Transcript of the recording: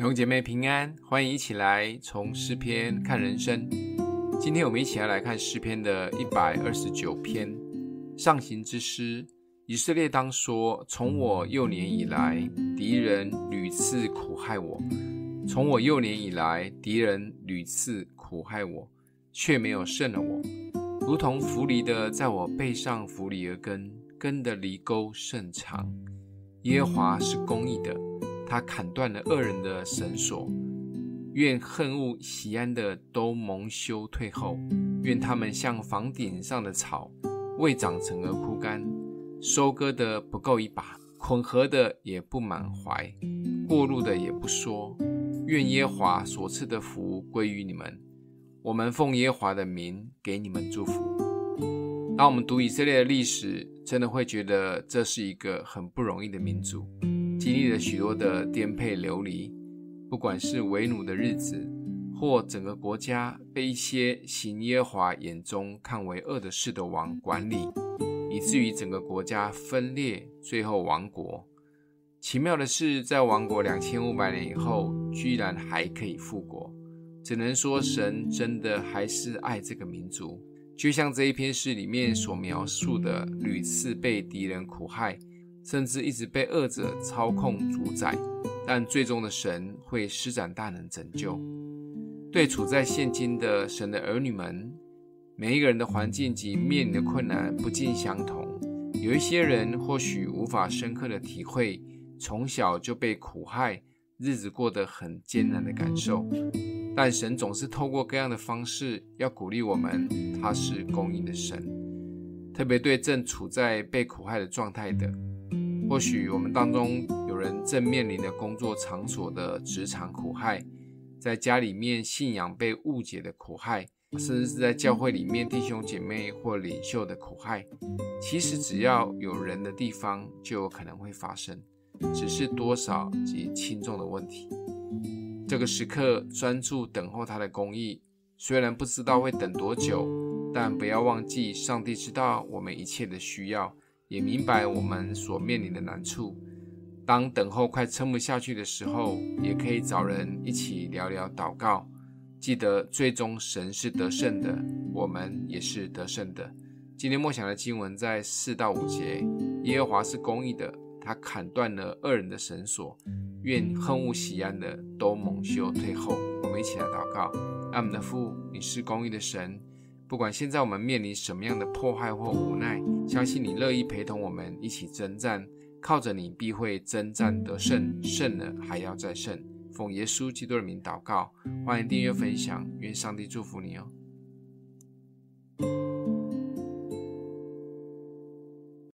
弟姐妹平安，歡迎一起來從詩篇看人生。今天我們一起來看詩篇的一百二十九篇，上行之詩。以色列當說：從我幼年以來，敵人屢次苦害我；從我幼年以來，敵人屢次苦害我，卻沒有勝了我。如同浮離的在我背上浮離而根，根的離溝甚長。耶和華是公義的。他砍斷了惡人的繩索，願恨惡錫安的都蒙羞退後，願他們像房頂上的草，未長成而枯乾，收割的不夠一把，捆禾的也不滿懷，過路的也不說。願耶和華所賜的福歸於你們，我們奉耶和華的名給你們祝福。當我們讀以色列的歷史，真的會覺得這是一個很不容易的民族。經歷了許多的顛沛流離，不管是為奴的日子，或整個國家被一些行耶和華眼中看為惡的事的王管理，以至於整個國家分裂，最後亡國。奇妙的是，在亡國兩千五百年以後，居然還可以復國，只能說神真的還是愛這個民族。就像這一篇詩裡面所描述的，屢次被敵人苦害。甚至一直被惡者操控主宰，但最終的神會施展大能拯救。對處在現今的神的兒女們，每一個人的環境及面臨的困難不盡相同。有一些人或許無法深刻的體會從小就被苦害，日子過得很艱難的感受，但神總是透過各樣的方式要鼓勵我們，他是公義的神。特別對正處在被苦害的狀態的。或許我們當中有人正面臨着工作場所的職場苦害，在家裡面信仰被誤解的苦害，甚至是在教會裡面弟兄姐妹或領袖的苦害。其實只要有人的地方就有可能會發生，只是多少及輕重的問題。這個時刻專注等候他的公義，雖然不知道會等多久，但不要忘記上帝知道我們一切的需要。也明白我們所面臨的難處。當等候快撐不下去的時候，也可以找人一起聊聊禱告。記得，最終神是得勝的，我們也是得勝的。今天默想的經文在四到五節，耶和華是公義的，他砍斷了惡人的繩索，願恨惡錫安的都蒙羞退後。我們一起來禱告：愛我們的父，你是公義的神。不管現在我們面臨什麼樣的迫害或無奈，相信你樂意陪同我們一起征戰，靠着你必會征戰得勝，勝了還要再勝。奉耶穌基督的名禱告，歡迎訂閱分享，願上帝祝福你哦。